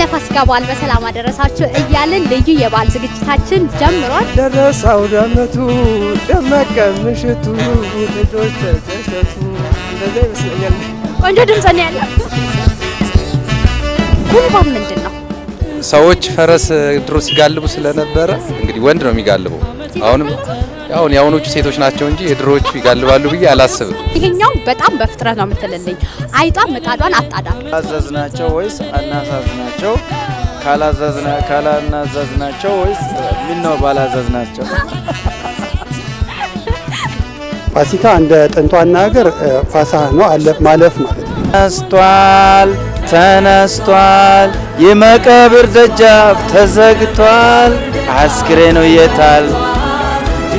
ለፋሲካ በዓል በሰላም አደረሳችሁ እያልን ልዩ የበዓል ዝግጅታችን ጀምሯል። ደረሳው ደመቱ ደመቀ ምሽቱ ልጆች ተደሰቱ። እንደዛ ይመስለኛል። ቆንጆ ድምፅ ነው ያለው። ምንድን ነው? ሰዎች ፈረስ ድሮ ሲጋልቡ ስለነበረ እንግዲህ ወንድ ነው የሚጋልበው አሁንም አሁን የአሁኖቹ ሴቶች ናቸው እንጂ የድሮዎቹ ይጋልባሉ ብዬ አላስብም። ይሄኛው በጣም በፍጥረት ነው የምትልልኝ። አይጧ ምጣዷን አጣዳ አዘዝናቸው ወይስ አናሳዝናቸው? ካላናዘዝናቸው ወይስ ምን ነው ባላዘዝናቸው? ፋሲካ እንደ ጥንቷና ሀገር ፋሳ ነው አለ ማለፍ ማለት ነው። ተነስቷል ተነስቷል፣ የመቃብር ደጃፍ ተዘግቷል፣ አስክሬኑ የታል?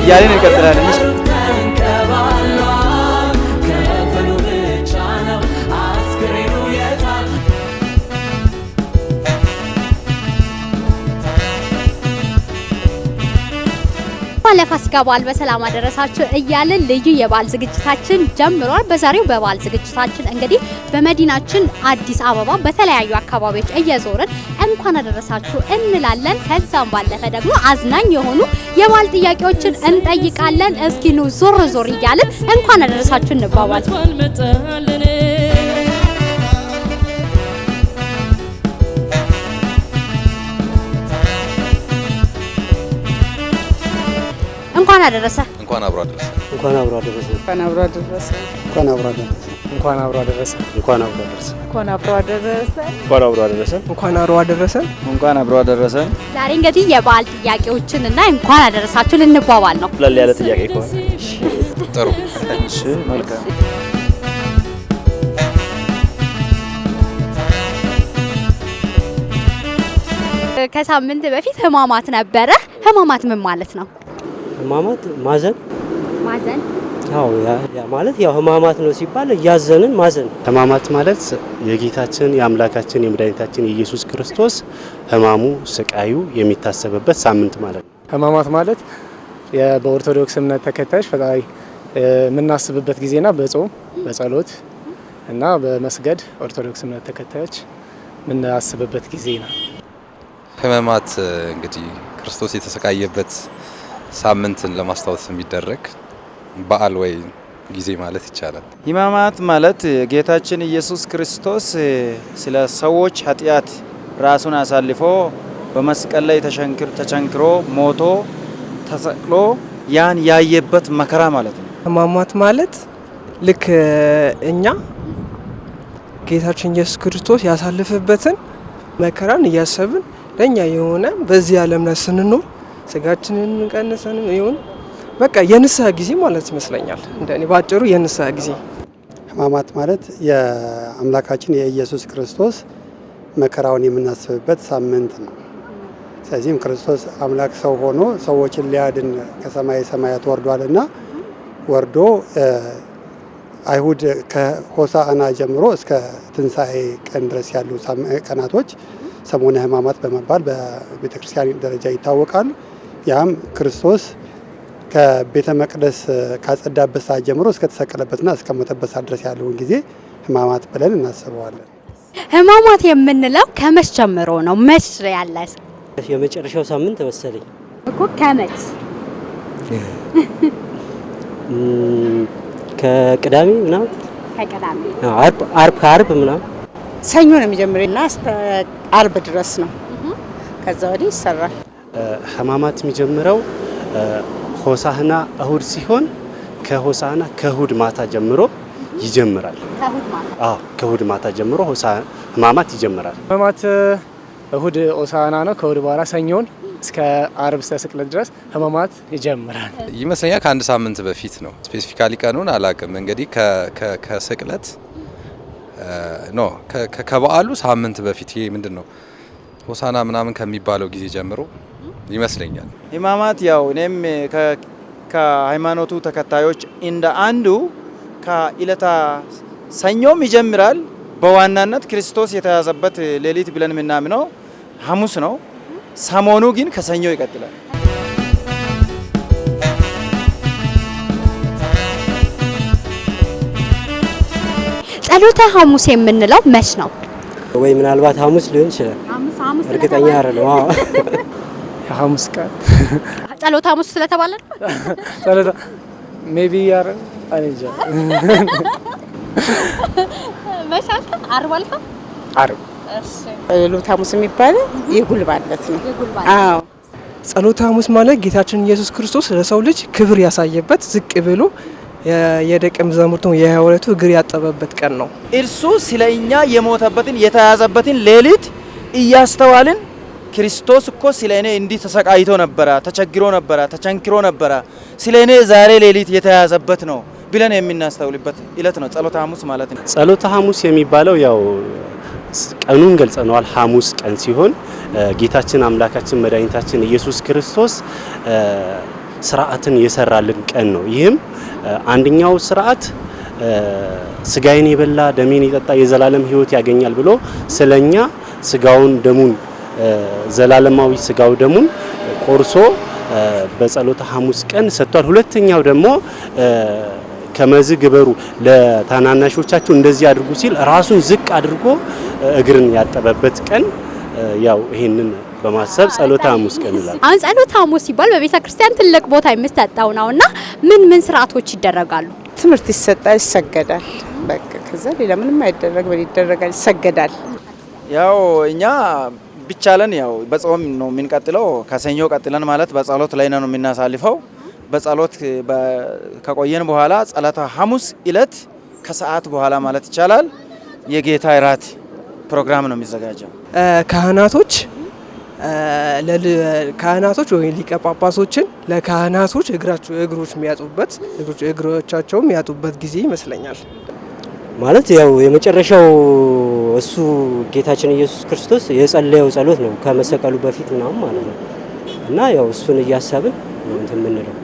ya en el catalán. ለፋሲካ በዓል በሰላም አደረሳችሁ እያለን ልዩ የበዓል ዝግጅታችን ጀምሯል። በዛሬው በበዓል ዝግጅታችን እንግዲህ በመዲናችን አዲስ አበባ በተለያዩ አካባቢዎች እየዞርን እንኳን አደረሳችሁ እንላለን። ከዛም ባለፈ ደግሞ አዝናኝ የሆኑ የበዓል ጥያቄዎችን እንጠይቃለን። እስኪኑ ዞር ዞር እያልን እንኳን አደረሳችሁ እንባባል። እንኳን አደረሰ እንኳን አብሮ አደረሰ እንኳን አብሮ አደረሰ እንኳን አብሮ አደረሰ እንኳን አብሮ አደረሰ እንኳን አብሮ አደረሰ እንኳን አብሮ አደረሰ እንኳን አብሮ አደረሰ እንኳን አብሮ አደረሰ እንኳን አብሮ አደረሰ እንኳን አብሮ አደረሰ። ዛሬ እንግዲህ የበዓል ጥያቄዎችን እና እንኳን አደረሳችሁ ልንባባል ነው። ለለ ያለ ጥያቄ ከሆነ ጥሩ እሺ፣ መልካም ከሳምንት በፊት ህማማት ነበረ። ህማማት ምን ማለት ነው? ህማማት ማዘን ማዘን አዎ ያ ማለት ያው ህማማት ነው ሲባል እያዘንን ማዘን። ህማማት ማለት የጌታችን የአምላካችን የመድኃኒታችን የኢየሱስ ክርስቶስ ህማሙ ስቃዩ የሚታሰብበት ሳምንት ማለት ነው። ህማማት ማለት በኦርቶዶክስ እምነት ተከታዮች ፈጣሪ የምናስብበት ጊዜና በጾም በጸሎት እና በመስገድ ኦርቶዶክስ እምነት ተከታዮች የምናስብበት ጊዜ ነው። እንግዲህ ክርስቶስ የተሰቃየበት ሳምንትን ለማስታወስ የሚደረግ በዓል ወይ ጊዜ ማለት ይቻላል። ሕማማት ማለት ጌታችን ኢየሱስ ክርስቶስ ስለ ሰዎች ኃጢአት ራሱን አሳልፎ በመስቀል ላይ ተቸንክሮ ሞቶ ተሰቅሎ ያን ያየበት መከራ ማለት ነው። ሕማማት ማለት ልክ እኛ ጌታችን ኢየሱስ ክርስቶስ ያሳልፍበትን መከራን እያሰብን ለእኛ የሆነ በዚህ ዓለም ላይ ስንኖር ስጋችንን ቀንሰንም ይሁን በቃ የንስሐ ጊዜ ማለት ይመስለኛል። እንደኔ ባጭሩ የንስሐ ጊዜ ሕማማት ማለት የአምላካችን የኢየሱስ ክርስቶስ መከራውን የምናስብበት ሳምንት ነው። ስለዚህም ክርስቶስ አምላክ ሰው ሆኖ ሰዎችን ሊያድን ከሰማይ ሰማያት ወርዷልና ወርዶ አይሁድ ከሆሳዕና ጀምሮ እስከ ትንሣኤ ቀን ድረስ ያሉ ቀናቶች ሰሞነ ሕማማት በመባል በቤተክርስቲያን ደረጃ ይታወቃሉ። ያም ክርስቶስ ከቤተ መቅደስ ካጸዳበት ሰዓት ጀምሮ እስከተሰቀለበትና እስከሞተበት ሰዓት ድረስ ያለውን ጊዜ ህማማት ብለን እናስበዋለን። ህማማት የምንለው ከመች ጀምሮ ነው? መች ያለ የመጨረሻው ሳምንት መሰለኝ እኮ ከመች ከቅዳሜ ምናምን አርብ ከአርብ ምናምን ሰኞ ነው የሚጀምረው እና አርብ ድረስ ነው። ከዛ ወዲህ ይሰራል። ህማማት የሚጀምረው ሆሳህና እሁድ ሲሆን ከሆሳህና ከእሁድ ማታ ጀምሮ ይጀምራል። ከእሁድ ማታ ጀምሮ ህማማት ይጀምራል። ህማማት እሁድ ሆሳህና ነው። ከእሁድ በኋላ ሰኞን እስከ አርብ እስከ ስቅለት ድረስ ህማማት ይጀምራል ይመስለኛል። ከአንድ ሳምንት በፊት ነው። ስፔሲፊካሊ ቀኑን አላውቅም። እንግዲህ ከስቅለት ኖ ከበዓሉ ሳምንት በፊት ይሄ ምንድን ነው ሆሳና ምናምን ከሚባለው ጊዜ ጀምሮ ይመስለኛል። ህማማት ያው እኔም ከሃይማኖቱ ተከታዮች እንደ አንዱ ከኢለታ ሰኞም ይጀምራል። በዋናነት ክርስቶስ የተያዘበት ሌሊት ብለን የምናምነው ሐሙስ ነው። ሰሞኑ ግን ከሰኞ ይቀጥላል። ጸሎተ ሐሙስ የምንለው መች ነው ወይ? ምናልባት ሐሙስ ሊሆን ይችላል። እርግጠኛ አይደለም። የሐሙስ ቀን ጸሎት ሐሙስ ስለተባለ ነው። ጸሎት ሜቢ ያረ አንጀ መሻልከ አርብ አልከ አርብ እሺ። ጸሎት ሐሙስ የሚባለው የጉልባለት ነው። አዎ ጸሎት ሐሙስ ማለት ጌታችን ኢየሱስ ክርስቶስ ለሰው ልጅ ክብር ያሳየበት ዝቅ ብሎ የደቀ መዛሙርቱ የሐዋርያቱ እግር ያጠበበት ቀን ነው። እርሱ ስለኛ የሞተበትን የተያዘበትን ሌሊት እያስተዋልን ክርስቶስ እኮ ስለ እኔ እንዲህ ተሰቃይቶ ነበረ፣ ተቸግሮ ነበረ፣ ተቸንክሮ ነበረ፣ ስለ እኔ ዛሬ ሌሊት የተያዘበት ነው ብለን የምናስተውልበት እለት ነው ጸሎተ ሐሙስ ማለት ነው። ጸሎተ ሐሙስ የሚባለው ያው ቀኑን ገልጸነዋል። ሐሙስ ቀን ሲሆን ጌታችን አምላካችን መድኃኒታችን ኢየሱስ ክርስቶስ ስርዓትን የሰራልን ቀን ነው። ይህም አንደኛው ስርዓት ስጋዬን የበላ ደሜን የጠጣ የዘላለም ሕይወት ያገኛል ብሎ ስለኛ ስጋውን ደሙን ዘላለማዊ ስጋው ደሙን ቆርሶ በጸሎተ ሐሙስ ቀን ሰጥቷል። ሁለተኛው ደግሞ ከመዝ ግበሩ ለታናናሾቻችሁ እንደዚህ አድርጉ ሲል ራሱን ዝቅ አድርጎ እግርን ያጠበበት ቀን ያው ይሄንን በማሰብ ጸሎተ ሐሙስ ቀን ይላል። አሁን ጸሎተ ሐሙስ ሲባል በቤተ ክርስቲያን ትልቅ ቦታ የሚሰጠው ነው እና ምን ምን ስርዓቶች ይደረጋሉ? ትምህርት ይሰጣል፣ ይሰገዳል። በቃ ከዛ ሌላ ምንም አይደረግ ይደረጋል፣ ይሰገዳል። ያው እኛ ቢቻለን ያው በጾም ነው የምንቀጥለው። ከሰኞ ቀጥለን ማለት በጸሎት ላይ ነው የምናሳልፈው። በጸሎት ከቆየን በኋላ ጸሎተ ሐሙስ እለት ከሰዓት በኋላ ማለት ይቻላል የጌታ እራት ፕሮግራም ነው የሚዘጋጀው። ካህናቶች ካህናቶች ወይ ሊቀ ጳጳሶችን ለካህናቶች እግሮች የሚያጡበት እግሮቻቸውም የሚያጡበት ጊዜ ይመስለኛል። ማለት ያው የመጨረሻው እሱ ጌታችን ኢየሱስ ክርስቶስ የጸለየው ጸሎት ነው ከመሰቀሉ በፊት ምናምን ማለት ነው። እና ያው እሱን እያሰብን ነው እንትን የምንለው።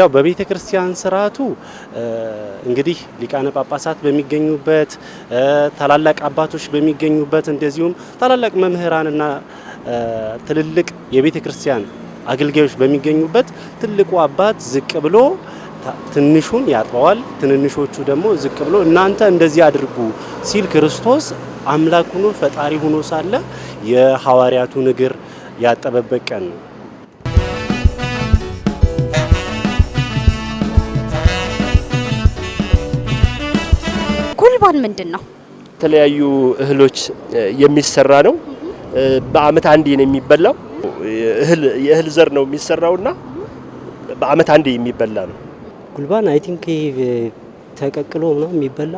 ያው በቤተ ክርስቲያን ስርዓቱ እንግዲህ ሊቃነ ጳጳሳት በሚገኙበት ታላላቅ አባቶች በሚገኙበት እንደዚሁም ታላላቅ መምህራንና ትልልቅ የቤተ ክርስቲያን አገልጋዮች በሚገኙበት ትልቁ አባት ዝቅ ብሎ ትንሹን ያጥበዋል፣ ትንንሾቹ ደግሞ ዝቅ ብሎ እናንተ እንደዚህ አድርጉ ሲል ክርስቶስ አምላክ ሆኖ ፈጣሪ ሆኖ ሳለ የሐዋርያቱን እግር ያጠበበት ቀን ነው። ኩልባን ምንድን ነው? የተለያዩ እህሎች የሚሰራ ነው። በአመት አንዴ ነው የሚበላው። የእህል ዘር ነው የሚሰራውና በአመት አንዴ የሚበላ ነው። ጉልባን አይ ቲንክ ተቀቅሎ ምናምን የሚበላ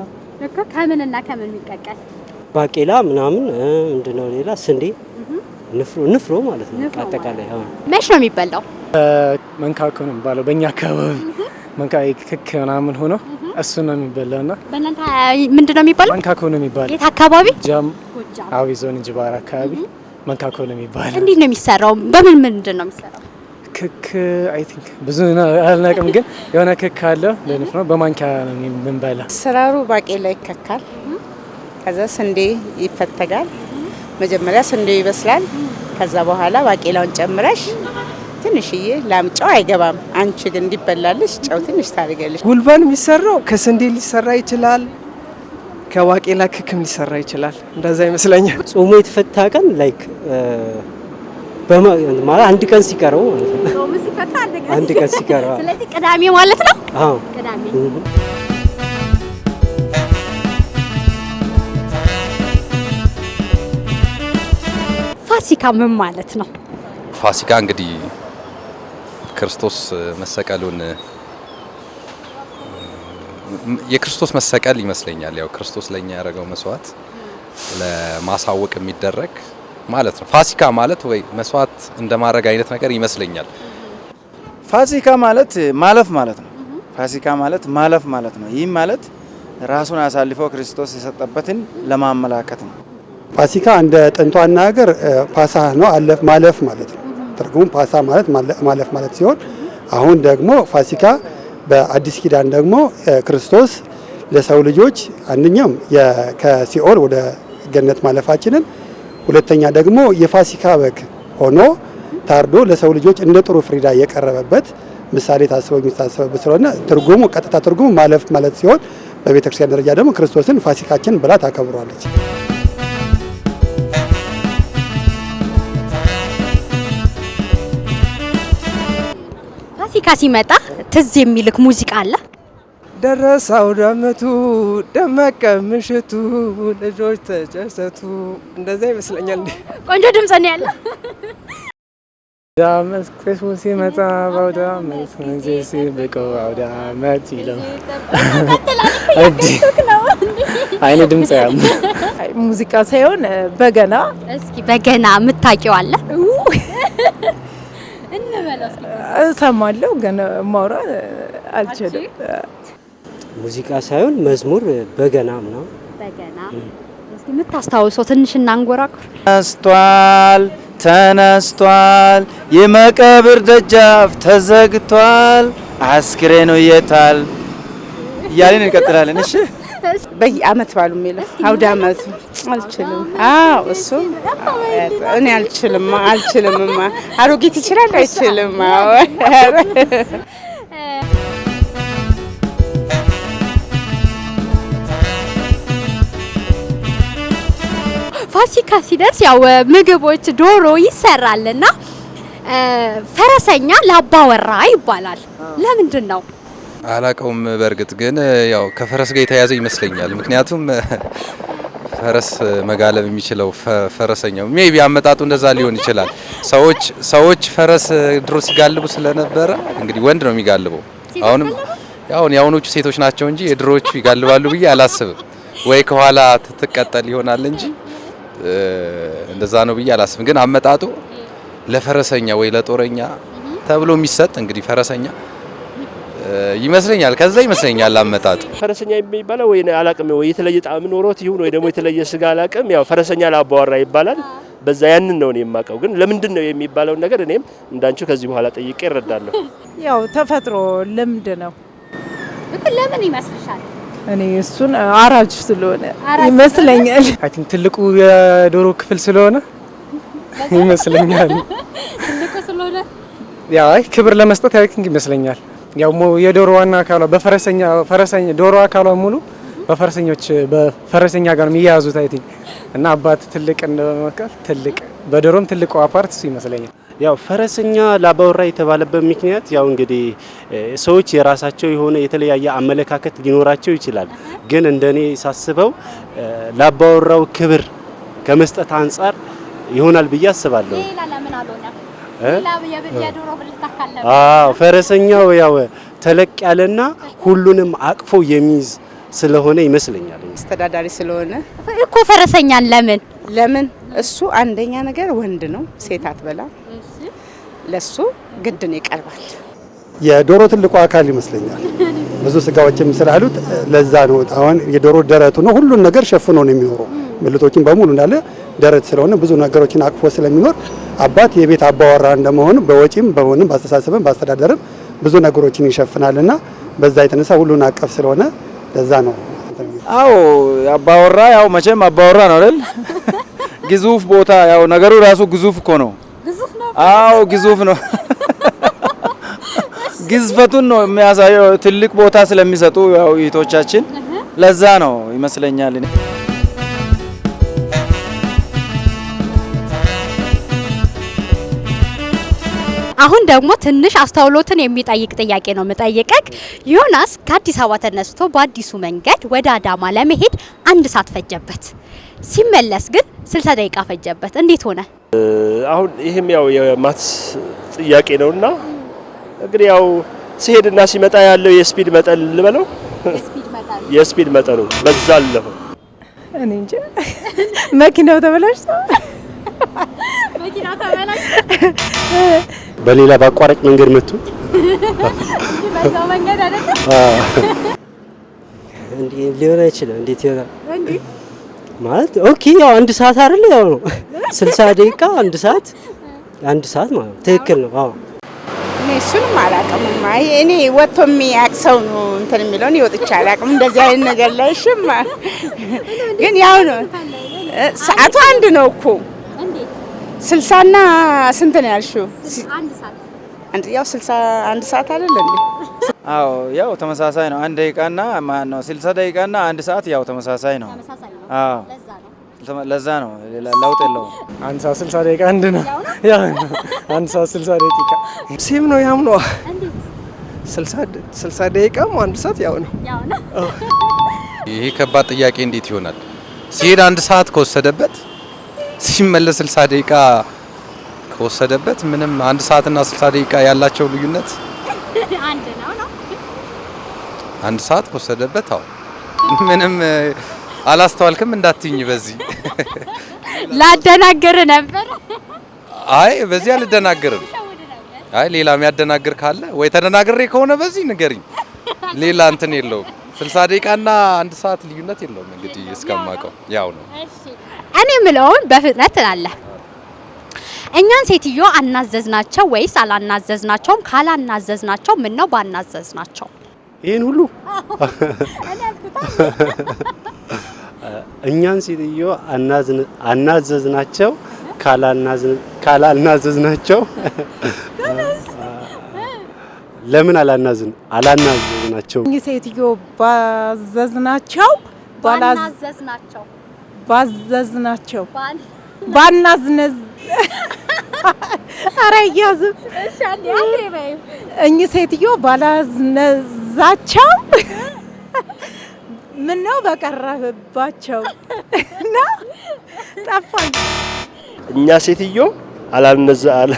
እኮ ከምን እና ከምን የሚቀቀል ባቄላ ምናምን ምንድነው ሌላ ስንዴ ንፍሮ ንፍሮ ማለት ነው። አጠቃላይ አሁን መች ነው የሚበላው? መንካከ ነው የሚባለው በእኛ አካባቢ መንካ ክክ ምናምን ሆኖ እሱ ነው የሚበላው። እና በእናንተ ምንድነው የሚባለው? መንካከ ነው የሚባለው። የት አካባቢ? ጃም አዊ ዞን እንጅባር አካባቢ ነው የሚባለው። እንዴት ነው የሚሰራው? በምን ምንድን ነው የሚሰራው? ክክ አይ ቲንክ ብዙ አልናቅም፣ ግን የሆነ ክክ አለው ለንፍ ነው። በማንኪያ ነው የምንበላ። አሰራሩ ባቄላ ይከካል፣ ከዛ ስንዴ ይፈተጋል። መጀመሪያ ስንዴው ይበስላል። ከዛ በኋላ ባቄላውን ጨምረሽ ትንሽዬ ላም ጨው አይገባም። አንቺ ግን እንዲበላልሽ ጨው ትንሽ ታደርጊያለሽ። ጉልባን የሚሰራው ከስንዴ ሊሰራ ይችላል፣ ከባቄላ ክክም ሊሰራ ይችላል። እንደዛ ይመስለኛል። ጾሙ የተፈታ ቀን ላይክ ማለት አንድ ቀን ሲቀረው አንድ ቀን ሲቀረው ስለዚህ ቅዳሜ ማለት ነው። አዎ ቅዳሜ ፋሲካ ምን ማለት ነው? ፋሲካ እንግዲህ ክርስቶስ መሰቀሉን የክርስቶስ መሰቀል ይመስለኛል። ያው ክርስቶስ ለኛ ያደረገው መስዋዕት ለማሳወቅ የሚደረግ ማለት ነው። ፋሲካ ማለት ወይ መስዋዕት እንደማድረግ አይነት ነገር ይመስለኛል። ፋሲካ ማለት ማለፍ ማለት ነው። ፋሲካ ማለት ማለፍ ማለት ነው። ይህም ማለት ራሱን አሳልፎ ክርስቶስ የሰጠበትን ለማመላከት ነው። ፋሲካ እንደ ጥንቷና ሀገር ፓሳ ነው፣ ማለፍ ማለት ነው። ትርጉሙ ፓሳ ማለት ማለፍ ማለት ሲሆን አሁን ደግሞ ፋሲካ በአዲስ ኪዳን ደግሞ ክርስቶስ ለሰው ልጆች አንደኛውም ከሲኦል ወደ ገነት ማለፋችንን ሁለተኛ ደግሞ የፋሲካ በግ ሆኖ ታርዶ ለሰው ልጆች እንደ ጥሩ ፍሪዳ የቀረበበት ምሳሌ ታስቦ የሚታሰበበት ስለሆነ ትርጉሙ ቀጥታ ትርጉሙ ማለፍ ማለት ሲሆን በቤተክርስቲያን ደረጃ ደግሞ ክርስቶስን ፋሲካችን ብላ ታከብሯለች። ፋሲካ ሲመጣ ትዝ የሚልክ ሙዚቃ አለ። ደረሳው ዳመቱ ደመቀ ምሽቱ ልጆች ተጨሰቱ። እንደዛ ይመስለኛል። ቆንጆ ድምጽ ነው ያለ ሲመጣ በአውደ አመት ጊዜ ሲብቆ አውደ አመት ይለው አይነ ሙዚቃ ሳይሆን በገና። እስኪ በገና የምታውቂው አለ? እሰማለሁ፣ ግን ማውራት አልችልም። ሙዚቃ ሳይሆን መዝሙር በገና ነው። በገና እስቲ የምታስታውሰው ትንሽ እናንጎራኩር። ተነስቷል ተነስቷል፣ የመቀብር ደጃፍ ተዘግቷል፣ አስክሬኑ የታል እያለን እንቀጥላለን። እሺ በየአመት ባሉ የሚለው አውደ አመቱ አልችልም። አዎ እሱ እኔ አልችልም አልችልም። አሮጌት ይችላል አይችልም? አዎ ፋሲካ ሲደርስ ያው ምግቦች ዶሮ ይሰራልና ፈረሰኛ ላባወራ ይባላል። ለምንድን ነው አላቀውም። በእርግጥ ግን ያው ከፈረስ ጋር የተያያዘ ይመስለኛል። ምክንያቱም ፈረስ መጋለብ የሚችለው ፈረሰኛው ሜቢ አመጣጡ እንደዛ ሊሆን ይችላል። ሰዎች ሰዎች ፈረስ ድሮ ሲጋልቡ ስለነበረ እንግዲህ ወንድ ነው የሚጋልበው። አሁንም አሁን የአሁኖቹ ሴቶች ናቸው እንጂ የድሮዎቹ ይጋልባሉ ብዬ አላስብም። ወይ ከኋላ ትቀጠል ይሆናል እንጂ እንደዛ ነው ብዬ አላስብም። ግን አመጣጡ ለፈረሰኛ ወይ ለጦረኛ ተብሎ የሚሰጥ እንግዲህ ፈረሰኛ ይመስለኛል ከዛ ይመስለኛል አመጣጡ ፈረሰኛ የሚባለው ወይ አላቅም ወይ የተለየ ጣዕም ኖሮት ይሁን ወይ ደግሞ የተለየ ስጋ አላቅም። ያው ፈረሰኛ ላባዋራ ይባላል። በዛ ያንን ነው የማውቀው። ግን ለምንድን ነው የሚባለው ነገር እኔም እንዳንቺው ከዚህ በኋላ ጠይቄ እረዳለሁ። ያው ተፈጥሮ ልምድ ነው። ለምን ይመስልሻል? እኔ እሱን አራጅ ስለሆነ ይመስለኛል። አይ ቲንክ ትልቁ የዶሮ ክፍል ስለሆነ ይመስለኛል። ትልቁ ክብር ለመስጠት ያው ቲንክ ይመስለኛል። ያው የዶሮ ዋና አካሏ በፈረሰኛ ፈረሰኛ ዶሮ አካሏ ሙሉ በፈረሰኞች በፈረሰኛ ጋር የሚያያዙት። አይ ቲንክ እና አባት ትልቅ እንደመመካከል ትልቅ በዶሮም ትልቁ አፓርት እሱ ይመስለኛል። ያው ፈረሰኛ ላባወራ የተባለበት ምክንያት ያው እንግዲህ ሰዎች የራሳቸው የሆነ የተለያየ አመለካከት ሊኖራቸው ይችላል። ግን እንደኔ ሳስበው ላባወራው ክብር ከመስጠት አንጻር ይሆናል ብዬ አስባለሁ። አዎ ፈረሰኛው ያው ተለቅ ያለና ሁሉንም አቅፎ የሚይዝ ስለሆነ ይመስለኛል። አስተዳዳሪ ስለሆነ እኮ ፈረሰኛን ለምን ለምን እሱ አንደኛ ነገር ወንድ ነው፣ ሴት አትበላም። ለሱ ነው ይቀርባል። የዶሮ ትልቁ አካል ይመስለኛል። ብዙ ስጋዎችም ስላሉት ለዛ ነው። አሁን የዶሮ ደረቱ ነው ሁሉን ነገር ሸፍኖ ነው የሚኖረው። ብልቶችን በሙሉ እንዳለ ደረት ስለሆነ ብዙ ነገሮችን አቅፎ ስለሚኖር አባት የቤት አባወራ እንደመሆኑ በወጪም በሆንም በአስተሳሰብም በአስተዳደርም ብዙ ነገሮችን ይሸፍናልና በዛ የተነሳ ሁሉን አቀፍ ስለሆነ ለዛ ነው። አዎ አባወራ ያው መቼም አባወራ ነው አይደል? ግዙፍ ቦታ ያው ነገሩ ራሱ ግዙፍ እኮ ነው። አዎ ግዙፍ ነው። ግዝፈቱን ነው የሚያሳየው። ትልቅ ቦታ ስለሚሰጡ ያው እህቶቻችን ለዛ ነው ይመስለኛል። አሁን ደግሞ ትንሽ አስተውሎትን የሚጠይቅ ጥያቄ ነው የምጠይቀክ። ዮናስ ከአዲስ አበባ ተነስቶ በአዲሱ መንገድ ወደ አዳማ ለመሄድ አንድ ሰዓት ፈጀበት። ሲመለስ ግን ስልሳ ደቂቃ ፈጀበት። እንዴት ሆነ? አሁን ይህም ያው የማትስ ጥያቄ ነውና እንግዲህ ያው ሲሄድና ሲመጣ ያለው የስፒድ መጠን ልበለው የስፒድ መጠኑ በዛ አለሁ። እኔ እንጂ መኪናው ተበላሽቶ መኪናው በሌላ በአቋራጭ መንገድ መጡ። በዛው መንገድ አይደለም እንዴ? ሊሆን አይችልም። እንዴት ይሆናል? ማለት ኦኬ፣ ያው አንድ ሰዓት አይደል? ያው ነው 60 ደቂቃ አንድ ሰዓት አንድ ሰዓት ማለት ትክክል ነው። አዎ እኔ እሱንም አላውቅም። አይ እኔ ወጥቶ የሚያውቅ ሰው ነው እንትን የሚለው እኔ ወጥቼ አላውቅም እንደዚህ አይነት ነገር ላይ ሽም፣ ግን ያው ነው ሰዓቱ አንድ ነው እኮ ስልሳና ስንት ነው ያልሽው? አንድ ሰዓት አንድ ያው ስልሳ አንድ ሰዓት አይደለም አዎ ያው ተመሳሳይ ነው። አንድ ደቂቃና ማን ነው ስልሳ ደቂቃና አንድ ሰዓት ያው ተመሳሳይ ነው። አዎ ለዛ ነው፣ ሌላ ለውጥ የለውም። አንድ ሰዓት ስልሳ ደቂቃ አንድ ነው። ያው አንድ ሰዓት ስልሳ ደቂቃ ሲም ነው ያም ነው። ስልሳ ደቂቃም አንድ ሰዓት ያው ነው። ይሄ ከባድ ጥያቄ እንዴት ይሆናል? ሲሄድ አንድ ሰዓት ከወሰደበት ሲመለስ ስልሳ ደቂቃ ከወሰደበት ምንም አንድ ሰዓትና ስልሳ ደቂቃ ያላቸው ልዩነት አንድ ነው። አንድ ሰዓት ከወሰደበት አው ምንም አላስተዋልክም እንዳትኝ በዚህ ላደናግር ነበር። አይ በዚህ አልደናግርም። አይ ሌላ የሚያደናግር ካለ ወይ ተደናግሬ ከሆነ በዚህ ንገሪኝ። ሌላ እንትን የለውም። 60 ደቂቃና አንድ ሰዓት ልዩነት የለውም። እንግዲህ እስከማውቀው ያው ነው። እኔ የምለውን በፍጥነት ትላለህ። እኛን ሴትዮ አናዘዝናቸው ወይስ አላናዘዝናቸውም? ካላናዘዝናቸው ምን ነው ባናዘዝናቸው ይህን ሁሉ እኛን ሴትዮ አናዘዝናቸው ካላልናዘዝናቸው ለምን አላናዝን አላናዘዝናቸው እኚህ ሴትዮ ባዘዝናቸው ባላዘዝናቸው ባዘዝናቸው ባናዝነዝ ኧረ እያዝም እኚህ ሴትዮ ባላዝነዝ ዛቻው ምን ነው በቀረበባቸው እና ጠፋኝ። እኛ ሴትዮ አላልነዛ አለ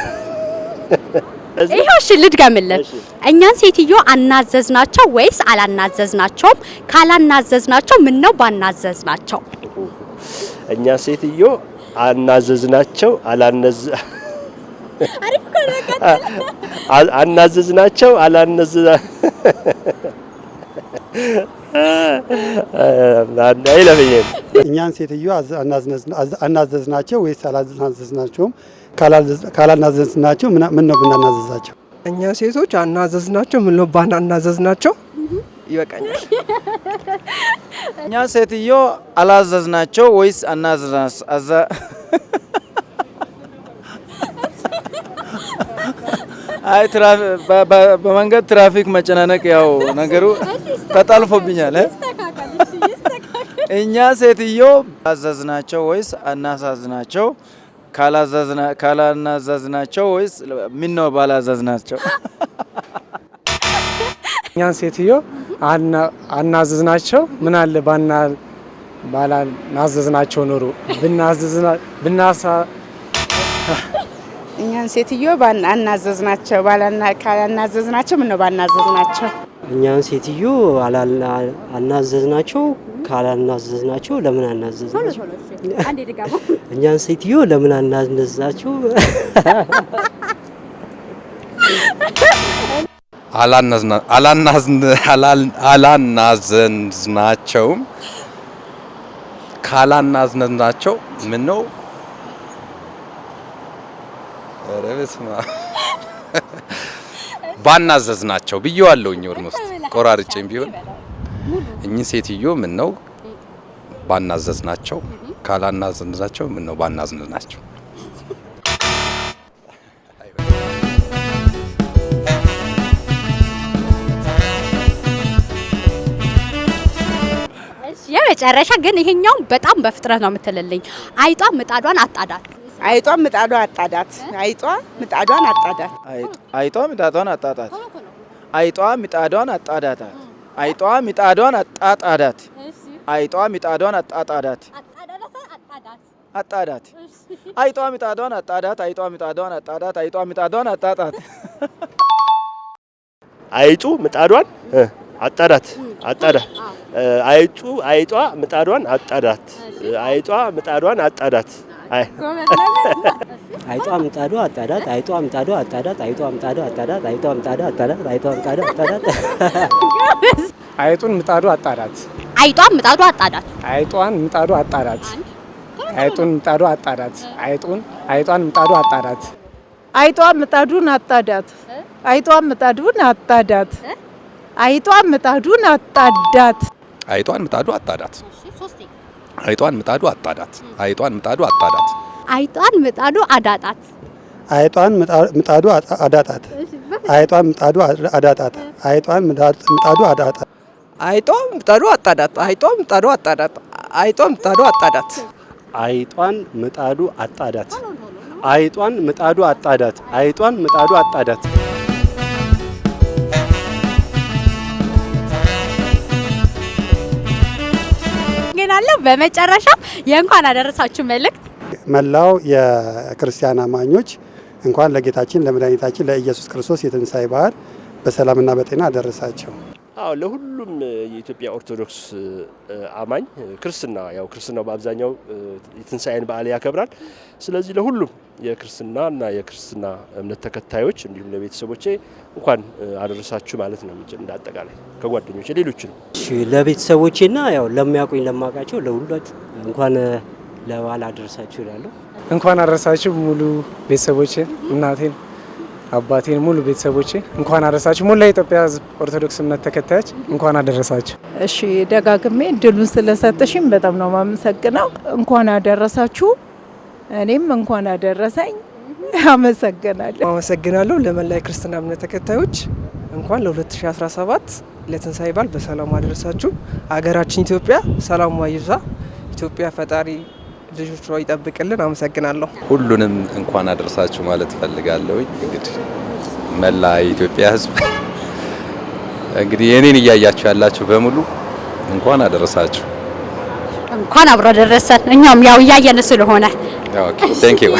ይሄውሽ ልድገምልን። እኛን ሴትዮ አናዘዝናቸው ወይስ አላናዘዝናቸውም? ካላናዘዝናቸው ምን ነው ባናዘዝናቸው? እኛ ሴትዮ አናዘዝናቸው አላነዛ አናዘዝናቸው አላነዛ አይለፍኝም። እኛን ሴትዮ አናዘዝናቸው ወይስ አላናዘዝናቸውም? ካላናዘዝናቸው ምን ነው ብናናዘዛቸው? እኛ ሴቶች አናዘዝናቸው ምን ነው ባናናዘዝናቸው ይበቃኛል። እኛ ሴትዮ አላዘዝናቸው ወይስ አናዘዝ አይ በመንገድ ትራፊክ መጨናነቅ ያው ነገሩ ተጣልፎብኛል። እኛ ሴትዮ አዘዝናቸው ወይስ አናሳዝናቸው? ካላናዘዝናቸው ወይስ ሚነው ነው ባላዘዝናቸው? እኛን ሴትዮ አናዘዝናቸው። ምን አለ ባና ባላናዘዝናቸው ኖሮ ብናሳ ሴትዮ ናቸው አናዘዝናቸው ካላናዘዝናቸው ባናዘዝ ናቸው እኛን ሴትዮ አናዘዝ ናቸው ካላናዘዝ ናቸው ለምን አናዘዝናቸው እኛን ሴትዮ ለምን አናነዛቸው አላናዘዝናቸውም ካላናዝነዝናቸው ምን ነው ባናዘዝ ናቸው ብዬዋለሁኝ። ኦልሞስት ቆራርጬም ቢሆን እኚህ ሴትዮ ምን ነው ባናዘዝ ናቸው፣ ካላናዘዝ ናቸው ምን ነው ባናዝን ናቸው። የመጨረሻ ግን ይሄኛውን በጣም በፍጥነት ነው የምትልልኝ። አይጧ ምጣዷን አጣዳል አይጧ ምጣዷ አጣዳት። አይጧ ምጣዷን አጣዳት። አይጧ ምጣዷን አጣጣት። አይጧ ምጣዷን አጣዳታት። አይጧ ምጣዷን አጣጣዳት። አይጧ ምጣዷን አጣጣዳት አጣዳት አይጧ ምጣዷን አጣዳት አይጧ ምጣዷን አጣዳት አይጧ ምጣዷን አጣጣት አይጡ ምጣዷን አጣዳት አጣዳ አይጡ አይጧ ምጣዷን አጣዳት አይጧ ምጣዷን አጣዳት አይጧ ምጣዷ አጣዳት አይጧ ምጣዷ አጣዳት አይጧ ምጣዷ አጣዳት አይጧ ምጣዷ አጣዳት አይጧ ምጣዷ አጣዳት አይጡን ምጣዷ አጣዳት አይጧን ምጣዷ አጣዳት አይጧን ምጣዷ አጣዳት አይጡን ምጣዷ አጣዳት አይጡን አይጧን ምጣዷ አጣዳት አይጧን ምጣዱን አጣዳት አይጧን ምጣዱን አጣዳት አይጧን ምጣዱን አጣዳት አይጧን ምጣዱ አጣዳት አይጧን ምጣዱ አጣዳት፣ አይጧን ምጣዱ አጣዳት፣ አይጧን ምጣዱ አዳጣት፣ አይጧን ምጣዱ አዳጣት፣ አይጧን ምጣዱ አዳጣት፣ አይጧን ምጣዱ አዳጣት፣ አይጧን ምጣዱ አጣዳት፣ አይጧን ምጣዱ አጣዳት፣ አይጧን ምጣዱ አጣዳት፣ አይጧን ምጣዱ አጣዳት፣ አይጧን ምጣዱ አጣዳት፣ አይጧን ምጣዱ አጣዳት አመሰግናለሁ። በመጨረሻ የእንኳን አደረሳችሁ መልእክት መላው የክርስቲያን አማኞች እንኳን ለጌታችን ለመድኃኒታችን ለኢየሱስ ክርስቶስ የትንሣኤ በዓል በሰላምና በጤና አደረሳቸው። አዎ ለሁሉም የኢትዮጵያ ኦርቶዶክስ አማኝ ክርስትና ያው ክርስትናው በአብዛኛው የትንሣኤን በዓል ያከብራል። ስለዚህ ለሁሉም የክርስትናና የክርስትና እምነት ተከታዮች እንዲሁም ለቤተሰቦቼ እንኳን አደረሳችሁ ማለት ነው። እንደ አጠቃላይ ነው ለቤተሰቦቼ ና ያው ለሚያውቁኝ ለማውቃቸው ለሁላችሁ እንኳን ለበዓል አደረሳችሁ ይላለሁ። እንኳን አደረሳችሁ ሙሉ ቤተሰቦቼን እናቴን አባቴን ሙሉ ቤተሰቦቼ እንኳን አደረሳችሁ። ሙሉ የኢትዮጵያ ኦርቶዶክስ እምነት ተከታዮች እንኳን አደረሳችሁ። እሺ፣ ደጋግሜ እድሉን ስለሰጠሽም በጣም ነው ማመሰግነው። እንኳን አደረሳችሁ። እኔም እንኳን አደረሰኝ። አመሰግናለሁ። አመሰግናለሁ ለመላ ክርስትና እምነት ተከታዮች እንኳን ለ2017 ለትንሳኤ በዓል በሰላም አደረሳችሁ። አገራችን ኢትዮጵያ ሰላሟ ይብዛ። ኢትዮጵያ ፈጣሪ ልጆቿ ይጠብቅልን። አመሰግናለሁ። ሁሉንም እንኳን አደረሳችሁ ማለት ፈልጋለሁ እንግዲህ መላ የኢትዮጵያ ሕዝብ እንግዲህ የኔን እያያችሁ ያላችሁ በሙሉ እንኳን አደረሳችሁ። እንኳን አብሮ ደረሰን። እኛም ያው እያየን ስለሆነ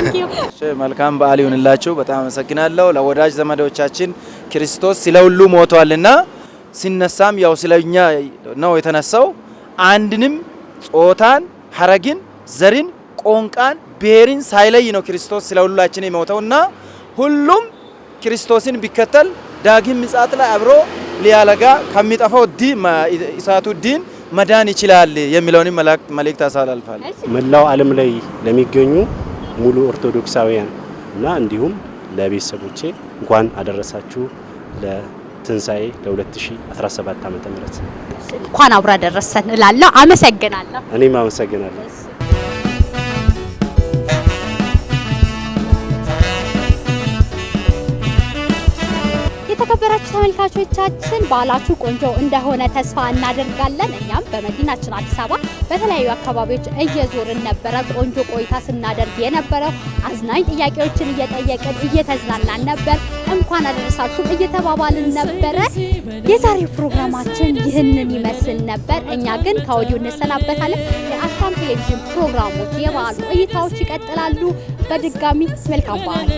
መልካም በዓል ይሁንላችሁ። በጣም አመሰግናለሁ። ለወዳጅ ዘመዶቻችን ክርስቶስ ስለ ሁሉ ሞቷልና ሲነሳም ያው ስለኛ ነው የተነሳው። አንድንም ጾታን ሀረግን ዘርን፣ ቋንቋን፣ ብሔርን ሳይለይ ነው ክርስቶስ ስለ ሁላችን የሞተውና ሁሉም ክርስቶስን ቢከተል ዳግም ምጽአት ላይ አብሮ ሊያለጋ ከሚጠፋው እሳቱ ዲን መዳን ይችላል የሚለውን መልእክት አሳላልፋል። መላው ዓለም ላይ ለሚገኙ ሙሉ ኦርቶዶክሳውያን እና እንዲሁም ለቤተሰቦቼ እንኳን አደረሳችሁ ለትንሣኤ ለ2017 ዓ ም እንኳን አብራ ደረሰን እላለሁ። አመሰግናለሁ። እኔም አመሰግናለሁ። የተከበራችሁ ተመልካቾቻችን በዓላችሁ ቆንጆ እንደሆነ ተስፋ እናደርጋለን። እኛም በመዲናችን አዲስ አበባ በተለያዩ አካባቢዎች እየዞርን ነበረ ቆንጆ ቆይታ ስናደርግ የነበረው አዝናኝ ጥያቄዎችን እየጠየቅን እየተዝናናን ነበር። እንኳን አደረሳችሁ እየተባባልን ነበረ። የዛሬ ፕሮግራማችን ይህንን ይመስል ነበር። እኛ ግን ከወዲሁ እንሰናበታለን። የአሻም ቴሌቪዥን ፕሮግራሞች፣ የበዓሉ እይታዎች ይቀጥላሉ። በድጋሚ መልካም በዓል